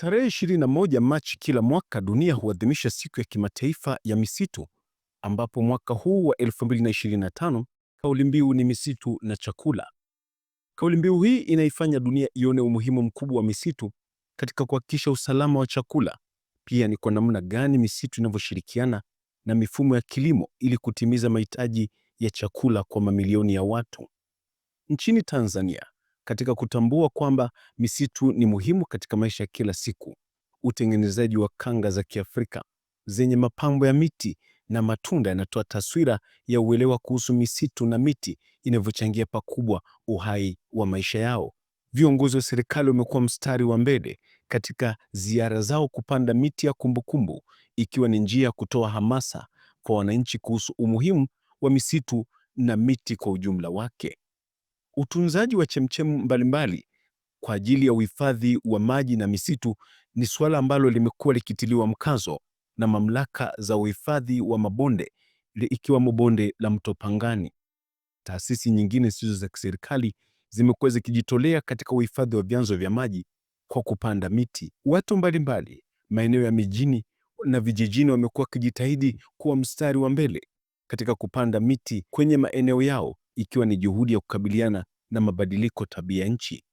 Tarehe 21 Machi kila mwaka dunia huadhimisha siku ya kimataifa ya misitu, ambapo mwaka huu wa 2025 kauli mbiu ni misitu na chakula. Kauli mbiu hii inaifanya dunia ione umuhimu mkubwa wa misitu katika kuhakikisha usalama wa chakula. Pia ni kwa namna gani misitu inavyoshirikiana na mifumo ya kilimo ili kutimiza mahitaji ya chakula kwa mamilioni ya watu. Nchini Tanzania, katika kutambua kwamba misitu ni muhimu katika maisha ya kila siku. Utengenezaji wa kanga za Kiafrika zenye mapambo ya miti na matunda yanatoa taswira ya uelewa kuhusu misitu na miti inavyochangia pakubwa uhai wa maisha yao. Viongozi wa serikali wamekuwa mstari wa mbele katika ziara zao kupanda miti ya kumbukumbu, ikiwa ni njia ya kutoa hamasa kwa wananchi kuhusu umuhimu wa misitu na miti kwa ujumla wake. Utunzaji wa chemchemi mbalimbali kwa ajili ya uhifadhi wa maji na misitu ni suala ambalo limekuwa likitiliwa mkazo na mamlaka za uhifadhi wa mabonde ikiwamo bonde la Mto Pangani. Taasisi nyingine zisizo za kiserikali zimekuwa zikijitolea katika uhifadhi wa vyanzo vya maji kwa kupanda miti. Watu mbalimbali maeneo ya mijini na vijijini wamekuwa wakijitahidi kuwa mstari wa mbele katika kupanda miti kwenye maeneo yao ikiwa ni juhudi ya kukabiliana na mabadiliko tabia nchi.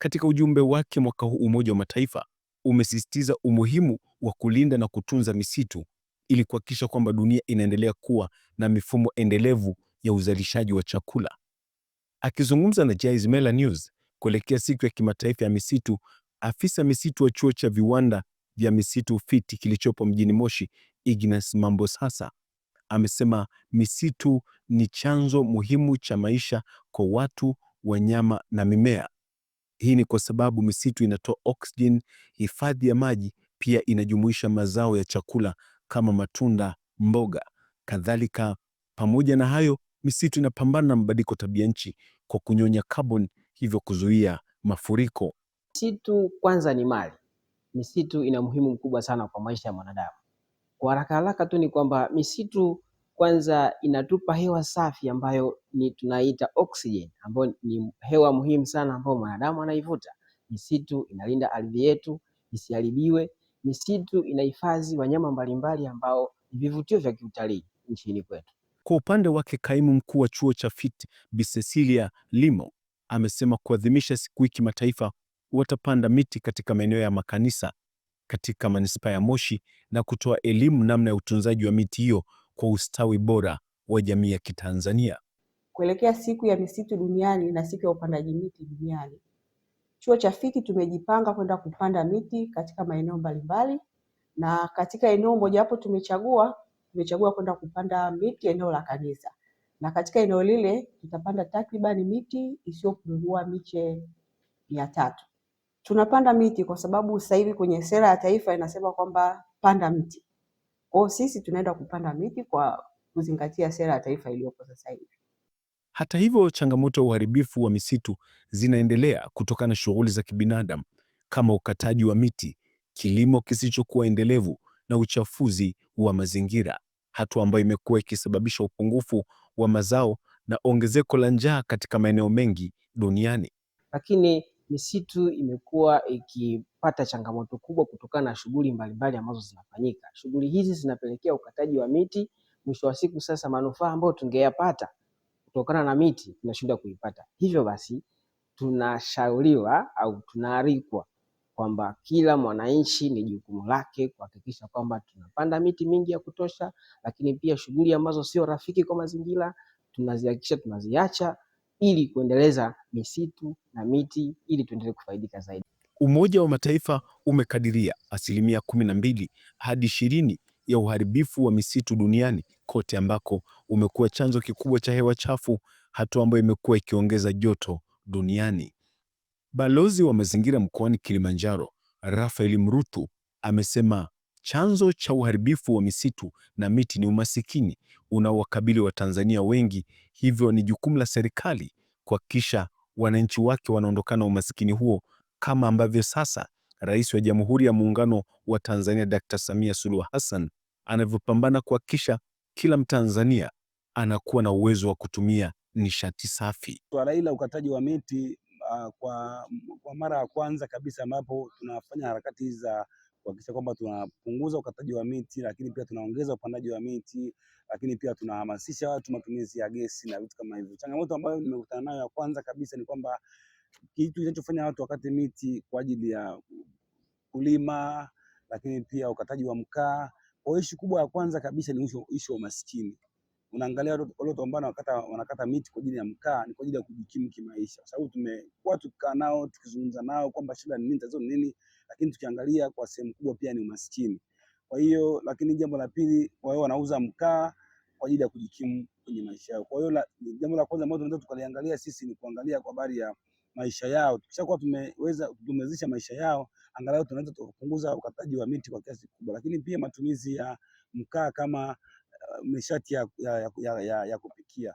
Katika ujumbe wake mwaka huu, Umoja wa Mataifa umesisitiza umuhimu wa kulinda na kutunza misitu ili kuhakikisha kwamba dunia inaendelea kuwa na mifumo endelevu ya uzalishaji wa chakula. Akizungumza na Jais Mela News kuelekea siku ya kimataifa ya misitu, afisa misitu wa chuo cha viwanda vya misitu fiti kilichopo mjini Moshi, Ignas mambosasa amesema misitu ni chanzo muhimu cha maisha kwa watu, wanyama na mimea. Hii ni kwa sababu misitu inatoa oksijeni, hifadhi ya maji, pia inajumuisha mazao ya chakula kama matunda, mboga kadhalika. Pamoja na hayo, misitu inapambana na mabadiliko tabia nchi kwa kunyonya kaboni, hivyo kuzuia mafuriko. Misitu kwanza ni mali. Misitu ina muhimu mkubwa sana kwa maisha ya mwanadamu. Kwa haraka haraka tu ni kwamba misitu kwanza inatupa hewa safi ambayo ni tunaita oxygen, ambayo ni hewa muhimu sana ambayo mwanadamu anaivuta. Misitu inalinda ardhi yetu isiharibiwe. Misitu inahifadhi wanyama mbalimbali ambao ni vivutio vya kiutalii nchini kwetu. Kwa upande wake, kaimu mkuu wa chuo cha FIT Bi Cecilia Limo amesema kuadhimisha siku hii kimataifa, watapanda miti katika maeneo ya makanisa katika manispaa ya Moshi na kutoa elimu namna ya utunzaji wa miti hiyo kwa ustawi bora wa jamii ya Kitanzania. Kuelekea siku ya misitu duniani na siku ya upandaji miti duniani, chuo cha FIKI tumejipanga kwenda kupanda miti katika maeneo mbalimbali, na katika eneo hapo tumechagua tumechagua kwenda kupanda miti eneo la kanisa, na katika eneo lile tutapanda takriban miti isiyopungua miche mia tatu. Tunapanda miti kwa sababu sasa hivi kwenye sera ya taifa inasema kwamba panda mti. Kwao sisi tunaenda kupanda miti kwa kuzingatia sera ya taifa iliyopo sasa hivi. Hata hivyo, changamoto ya uharibifu wa misitu zinaendelea kutokana na shughuli za kibinadamu kama ukataji wa miti, kilimo kisichokuwa endelevu na uchafuzi wa mazingira, hatua ambayo imekuwa ikisababisha upungufu wa mazao na ongezeko la njaa katika maeneo mengi duniani. Lakini Misitu imekuwa ikipata changamoto kubwa kutokana na shughuli mbalimbali ambazo zinafanyika. Shughuli hizi zinapelekea ukataji wa miti, mwisho wa siku sasa manufaa ambayo tungeyapata kutokana na miti tunashindwa kuipata. Hivyo basi tunashauriwa au tunaalikwa kwamba kila mwananchi ni jukumu lake kuhakikisha kwamba tunapanda miti mingi ya kutosha, lakini pia shughuli ambazo sio rafiki kwa mazingira tunazihakikisha tunaziacha ili kuendeleza misitu na miti ili tuendelee kufaidika zaidi. Umoja wa Mataifa umekadiria asilimia kumi na mbili hadi ishirini ya uharibifu wa misitu duniani kote ambako umekuwa chanzo kikubwa cha hewa chafu, hatua ambayo imekuwa ikiongeza joto duniani. Balozi wa mazingira mkoani Kilimanjaro, Rafael Mrutu, amesema chanzo cha uharibifu wa misitu na miti ni umasikini unaowakabili Watanzania wengi, hivyo ni jukumu la serikali kuhakikisha wananchi wake wanaondokana umasikini huo, kama ambavyo sasa Rais wa Jamhuri ya Muungano wa Tanzania Dr. Samia Suluhu Hassan anavyopambana kuhakikisha kila Mtanzania anakuwa na uwezo wa kutumia nishati safi. Swala hili la ukataji wa miti uh, kwa, kwa mara ya kwanza kabisa ambapo tunafanya harakati za kuhakikisha kwamba tunapunguza ukataji wa miti, lakini pia tunaongeza upandaji wa miti, lakini pia tunahamasisha watu matumizi ya gesi na vitu kama hivyo. Changamoto ambayo nimekutana nayo ya kwanza kabisa ni kwamba kitu kinachofanya watu wakate miti kwa ajili ya kulima, lakini pia ukataji wa mkaa. Kwa ishu kubwa ya kwanza kabisa ni ishu wa umaskini. Unaangalia watu ambao wanakata, wanakata miti kwa ajili ya mkaa ni kwa ajili ya kujikimu kimaisha, kwa sababu tumekuwa tukikaa nao tukizungumza nao kwamba shida ni nini, tatizo ni nini lakini tukiangalia kwa sehemu kubwa pia ni umaskini. Kwa hiyo, lakini jambo la pili, wao wanauza mkaa kwa ajili ya kujikimu kwenye maisha yao. Kwa hiyo, jambo la kwanza ambalo tunaweza tukaliangalia sisi ni kuangalia kwa habari ya maisha yao. Tukishakuwa tumeweza tumewezesha maisha yao, angalau tunaweza tukapunguza ukataji wa miti kwa kiasi kikubwa, lakini pia matumizi ya mkaa kama uh, ya, ya, ya, ya, ya kupikia.